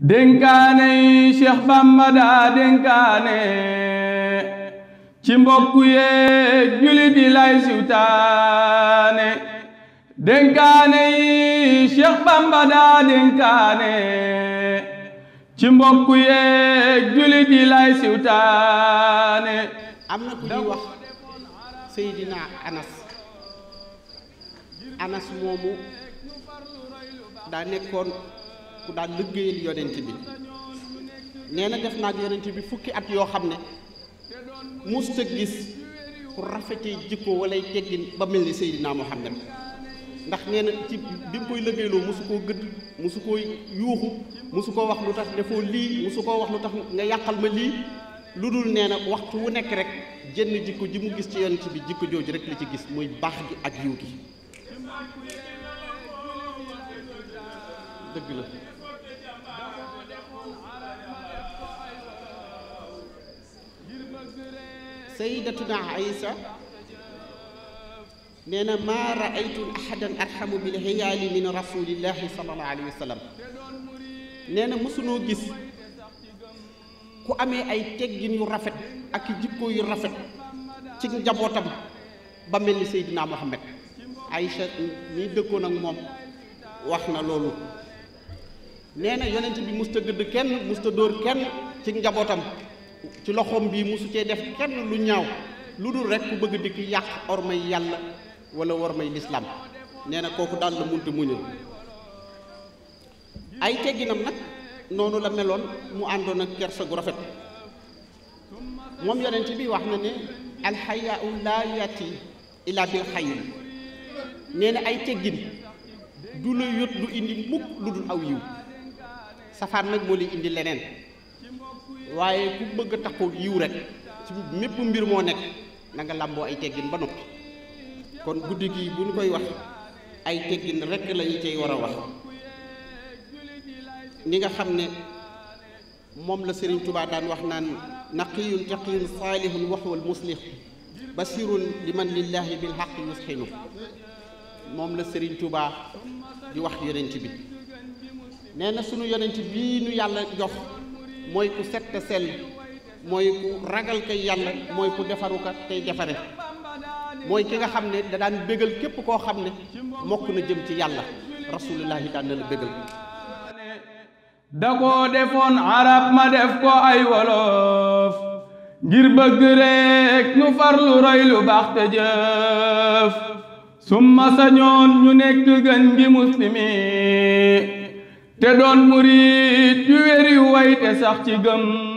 dénkaane Cheikh Bamba daa dénkaane ci mbokk yee julit yi lay siwtaane dénkaane yi Cheikh Bamba daa dénkaane ci mbokk yee julit yi lay siwtaane ku daan liggéeyal yonent bi nee na def naag yonent bi fukki at yoo xam ne musta gis ku rafetee jikko walay teggin ba mel ni Seydina Muhammad ndax nee na ci bi mu koy liggéeyloo mosu koo gëdd mosu koo yuuxu mosu koo wax lu tax defoo lii mosu koo wax lu tax nga yàqal ma lii lu dul nee na waxtu wu nekk rek jënn jikko ji mu gis ci yonent bi jikko jooju rek li ci gis muy baax gi ak yiw gi dëgg la sayyidatuna Aïsa nee na maa raaytu ahadan arhamu bil hiyaali min rasulillahi sallallahu alayhi wa sallam na mosunoo gis ku amee ay teggin yu rafet ak jikko yu rafet ci njabootam ba mel ni Seydina Muhammad Aïcha ñi dëkkoon ak moom wax na loolu nee na yonent bi musta gëdd kenn musta kenn ci njabootam ci loxoom bii mu su cee def kenn lu ñaaw lu dul rek ku bëgg dikk yàq ormay yàlla wala ormay lislaam nee na kooku daal la mu muñal ay tegginam nag noonu la meloon mu àndoon ak kersa gu rafet moom yonent bi wax na ne alxayaau laa yati illa bil xayri nee na ay teggin du la yót lu indi mukk lu dul aw yiw safaan nag moo lay indi leneen waye ku bëgg taxo yiw rek ci mépp mbir mo nek na nga lambo ay teggin ba noppi kon guddi gi bu ñu koy wax ay teggin rek la ñu wara wax ni nga xamne mom la Serigne Touba daan wax naan naqiyun taqiyun salihun saalihun waxwal muslih basirun liman lillahi bil haqq yusxinu mom la Serigne Touba di wax yonent bi neena sunu yonent bi nu yàlla jox mooy ku set te mooy ku ragal kay yàlla mooy ku defaruka tey defare mooy ki nga xam ne da daan bégal képp koo xam ne mokk na jëm ci yàlla rasuulullaahi daan na la bégal da koo defoon arab ma def ko ay wolof ngir bëgg rek nu farlu roy lu baax te jëf summa sañoon ñu nekk gën gi muslimiin te doon murit ju wéri way te sax ci gëm